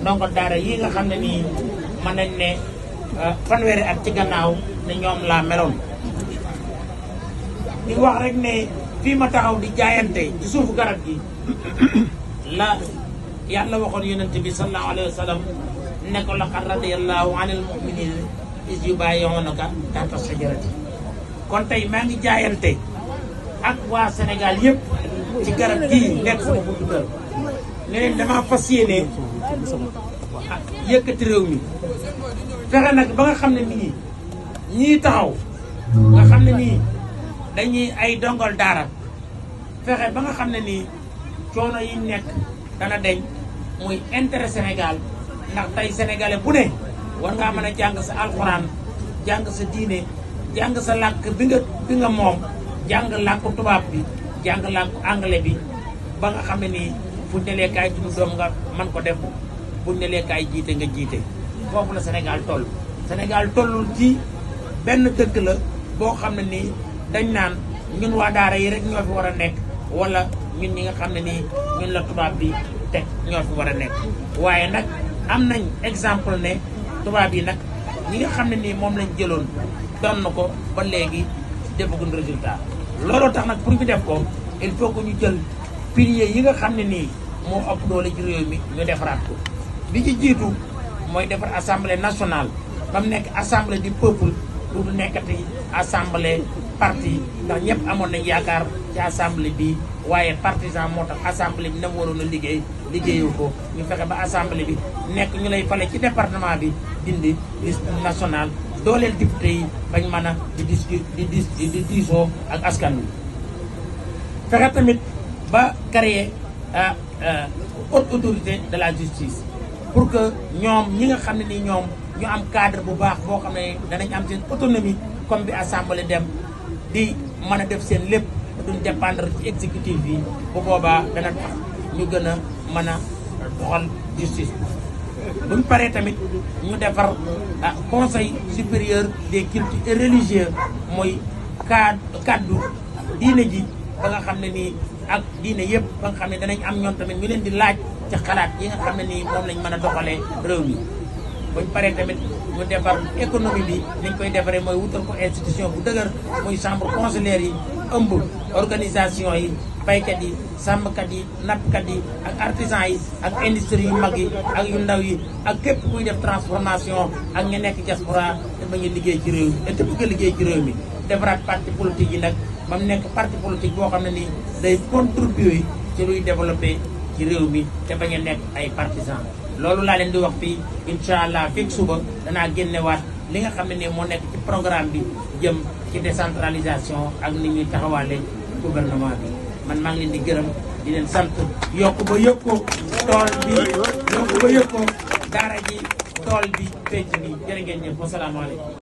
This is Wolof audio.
ndongo daara yi nga xam ne nii mën nañ ne euh, fanweeri at ci gannaaw ne ñoom laa meloon di wax rek ne fii ma taxaw di jaayante ci suufu garab gi la yàlla waxoon yonent bi sallallahu alayhi wa sallam ne ko laqad radiyallahu anil mu'minina is kon tey maa ngi jaayante ak waa Sénégal yëpp ci garab gii nekk sama buntu kër leneen damaa fas yéene yëkkati réew mi fexe nag ba nga xam ne nii ñii taxaw nga xam ne nii dañuy ay dongol daara fexe ba nga xam ne nii coono yi nekk dana deñ muy intérêt Sénégal ndax tey sénégalais bu ne war ngaa mën a jàng sa alxuraan jàng sa diine jàng sa làkk bi nga bi nga moom jàng làkku tubaab bi jàng làkku anglais bi ba nga xam ne nii buñ ne lee kaay mu doom nga man ko def buñ ne lee kaay jiite nga jiite foofu la Sénégal toll Sénégal tollu ci benn dëkk la boo xam ne nii dañ naan ñun waa daara yi rek ñoo fi war a nekk wala ñun ñi nga xam ne nii ñun la tubaab bi teg ñoo fi war a nekk waaye nag am nañ exemple ne tubaab yi nag ñi nga xam ne nii moom lañ jëloon doon na ko ba léegi defaguñ résultat looloo tax nag pour ñu def ko il faut que ñu jël piliers yi nga xam ne nii moo ëpp doole ci mi ñu defaraat ko bi ci jiitu mooy defar assemblée nationale ba mu nekk assemblée du peuple du nekkati assemblée parti ndax ñëpp amoon nañ yaakaar ci assemblée bi waaye partisan moo tax assemblée bi na mu waroon a liggéey liggéeyu ko ñu fexe ba assemblée bi nekk ñu lay fale ci département bi dindi liste nationale dooleel député yi bañ mën a di dis di diisoo ak askan wi fexe tamit ba créer ah, ah, haute autorité de la justice pour que ñoom ñi nga xam ne ni ñoom ñu am cadre bu baax boo xam ne danañ am seen autonomie comme bi assemblée dem di mën a def seen lépp duñ dépendre ci exécutif yi bu boobaa dana tax ñu gën a mën a doxal justice buñ paree tamit ñu defar ah, conseil supérieur des cultes et religieux mooy cadre kaddu diine ji ba nga xam ne nii ak diine yëpp ba nga xam ne danañ am ñoom tamit ñu leen di laaj ci xalaat yi nga xam ne nii moom lañ mën a doxalee réew mi. buñ paree tamit ñu defar économie bi niñ koy defaree mooy wutal ko institution bu dëgër muy chambre consulaire yi ëmb organisation yi baykat yi sàmmkat yi nappkat yi ak artisan yi ak industrie yu mag yi ak yu ndaw yi ak képp kuy def transformation ak ñu nekk diaspora te ba ñu liggéey ci réew te bëgg a liggéey ci réew mi defaraat parti politique yi nag ba mu nekk parti politique boo xam ne ni day contribuer ci luy développer ci réew mi te bañ a nekk ay partisans loolu laa leen di wax fii incha allah fii suba danaa génnewaat li nga xam ne nii moo nekk ci programme bi jëm ci decentralisation ak ni ñuy taxawaale gouvernement bi man maa ngi leen di gërëm di leen sant yokk ba yëkkoo tool bi yokku ba yëkkoo daara ji tool bi pénc bi jërë ngeen ñëpp wasalaamaaleykum